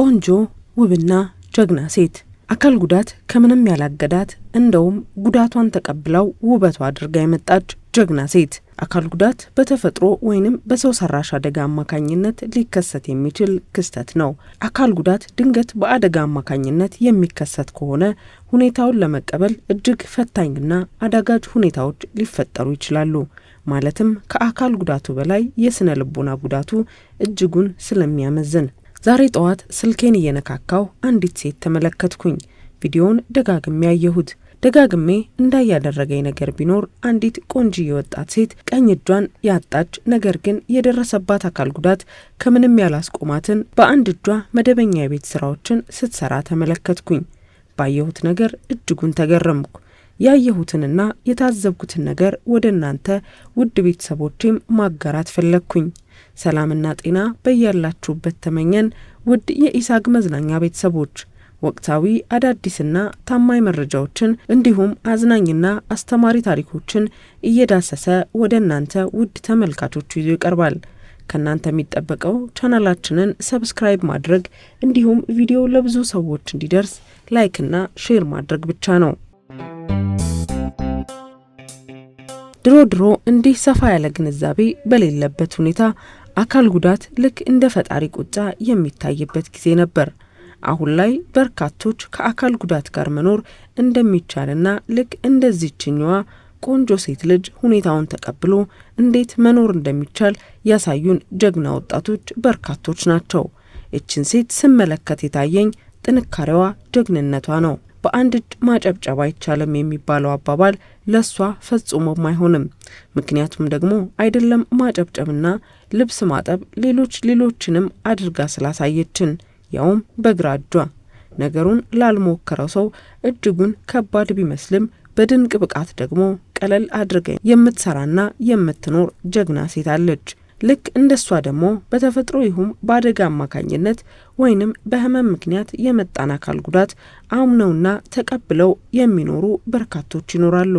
ቆንጆ ውብና ጀግና ሴት አካል ጉዳት ከምንም ያላገዳት እንደውም ጉዳቷን ተቀብለው ውበቷ አድርጋ የመጣች ጀግና ሴት። አካል ጉዳት በተፈጥሮ ወይንም በሰው ሰራሽ አደጋ አማካኝነት ሊከሰት የሚችል ክስተት ነው። አካል ጉዳት ድንገት በአደጋ አማካኝነት የሚከሰት ከሆነ ሁኔታውን ለመቀበል እጅግ ፈታኝና አዳጋጅ ሁኔታዎች ሊፈጠሩ ይችላሉ። ማለትም ከአካል ጉዳቱ በላይ የስነ ልቦና ጉዳቱ እጅጉን ስለሚያመዝን ዛሬ ጠዋት ስልኬን እየነካካው አንዲት ሴት ተመለከትኩኝ። ቪዲዮውን ደጋግሜ ያየሁት። ደጋግሜ እንዳያደረገኝ ነገር ቢኖር አንዲት ቆንጂዬ ወጣት ሴት ቀኝ እጇን ያጣች ነገር ግን የደረሰባት አካል ጉዳት ከምንም ያላስቆማትን በአንድ እጇ መደበኛ የቤት ስራዎችን ስትሰራ ተመለከትኩኝ። ባየሁት ነገር እጅጉን ተገረምኩ። ያየሁትንና የታዘብኩትን ነገር ወደ እናንተ ውድ ቤተሰቦቼም ማጋራት ፈለግኩኝ። ሰላምና ጤና በያላችሁበት ተመኘን። ውድ የኢሳግ መዝናኛ ቤተሰቦች ወቅታዊ አዳዲስና ታማኝ መረጃዎችን እንዲሁም አዝናኝና አስተማሪ ታሪኮችን እየዳሰሰ ወደ እናንተ ውድ ተመልካቾቹ ይዞ ይቀርባል። ከእናንተ የሚጠበቀው ቻናላችንን ሰብስክራይብ ማድረግ እንዲሁም ቪዲዮ ለብዙ ሰዎች እንዲደርስ ላይክና ሼር ማድረግ ብቻ ነው። ድሮ ድሮ እንዲህ ሰፋ ያለ ግንዛቤ በሌለበት ሁኔታ አካል ጉዳት ልክ እንደ ፈጣሪ ቁጣ የሚታይበት ጊዜ ነበር። አሁን ላይ በርካቶች ከአካል ጉዳት ጋር መኖር እንደሚቻልና ልክ እንደዚችኛዋ ቆንጆ ሴት ልጅ ሁኔታውን ተቀብሎ እንዴት መኖር እንደሚቻል ያሳዩን ጀግና ወጣቶች በርካቶች ናቸው። ይችን ሴት ስመለከት የታየኝ ጥንካሬዋ፣ ጀግንነቷ ነው። በአንድ እጅ ማጨብጨብ አይቻልም የሚባለው አባባል ለእሷ ፈጽሞም አይሆንም። ምክንያቱም ደግሞ አይደለም ማጨብጨብና ልብስ ማጠብ ሌሎች ሌሎችንም አድርጋ ስላሳየችን ያውም በግራ እጇ። ነገሩን ላልሞከረው ሰው እጅጉን ከባድ ቢመስልም በድንቅ ብቃት ደግሞ ቀለል አድርገ የምትሰራና የምትኖር ጀግና ሴት አለች። ልክ እንደሷ ደግሞ በተፈጥሮ ይሁም በአደጋ አማካኝነት ወይንም በህመም ምክንያት የመጣን አካል ጉዳት አምነውና ተቀብለው የሚኖሩ በርካቶች ይኖራሉ።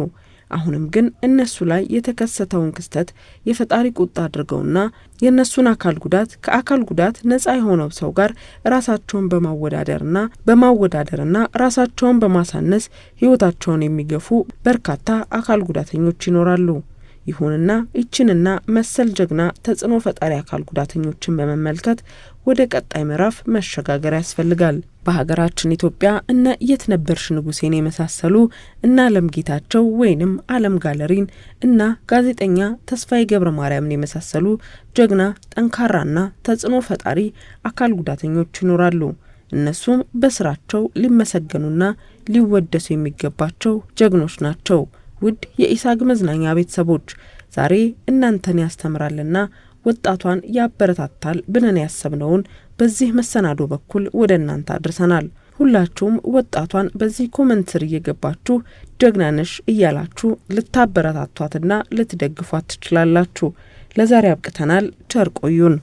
አሁንም ግን እነሱ ላይ የተከሰተውን ክስተት የፈጣሪ ቁጣ አድርገውና የእነሱን አካል ጉዳት ከአካል ጉዳት ነጻ የሆነው ሰው ጋር ራሳቸውን በማወዳደርና በማወዳደርና ራሳቸውን በማሳነስ ህይወታቸውን የሚገፉ በርካታ አካል ጉዳተኞች ይኖራሉ። ይሁንና ይችንና መሰል ጀግና ተጽዕኖ ፈጣሪ አካል ጉዳተኞችን በመመልከት ወደ ቀጣይ ምዕራፍ መሸጋገር ያስፈልጋል። በሀገራችን ኢትዮጵያ እነ የት ነበርሽ ንጉሴን የመሳሰሉ እነ አለም ጌታቸው ወይንም አለም ጋለሪን እና ጋዜጠኛ ተስፋዬ ገብረ ማርያምን የመሳሰሉ ጀግና ጠንካራና ተጽዕኖ ፈጣሪ አካል ጉዳተኞች ይኖራሉ። እነሱም በስራቸው ሊመሰገኑና ሊወደሱ የሚገባቸው ጀግኖች ናቸው። ውድ የኢሳግ መዝናኛ ቤተሰቦች ዛሬ እናንተን ያስተምራልና ወጣቷን ያበረታታል ብለን ያሰብነውን በዚህ መሰናዶ በኩል ወደ እናንተ አድርሰናል። ሁላችሁም ወጣቷን በዚህ ኮመንት ስር እየገባችሁ ጀግናነሽ እያላችሁ ልታበረታቷትና ልትደግፏት ትችላላችሁ። ለዛሬ አብቅተናል። ቸር ቆዩን።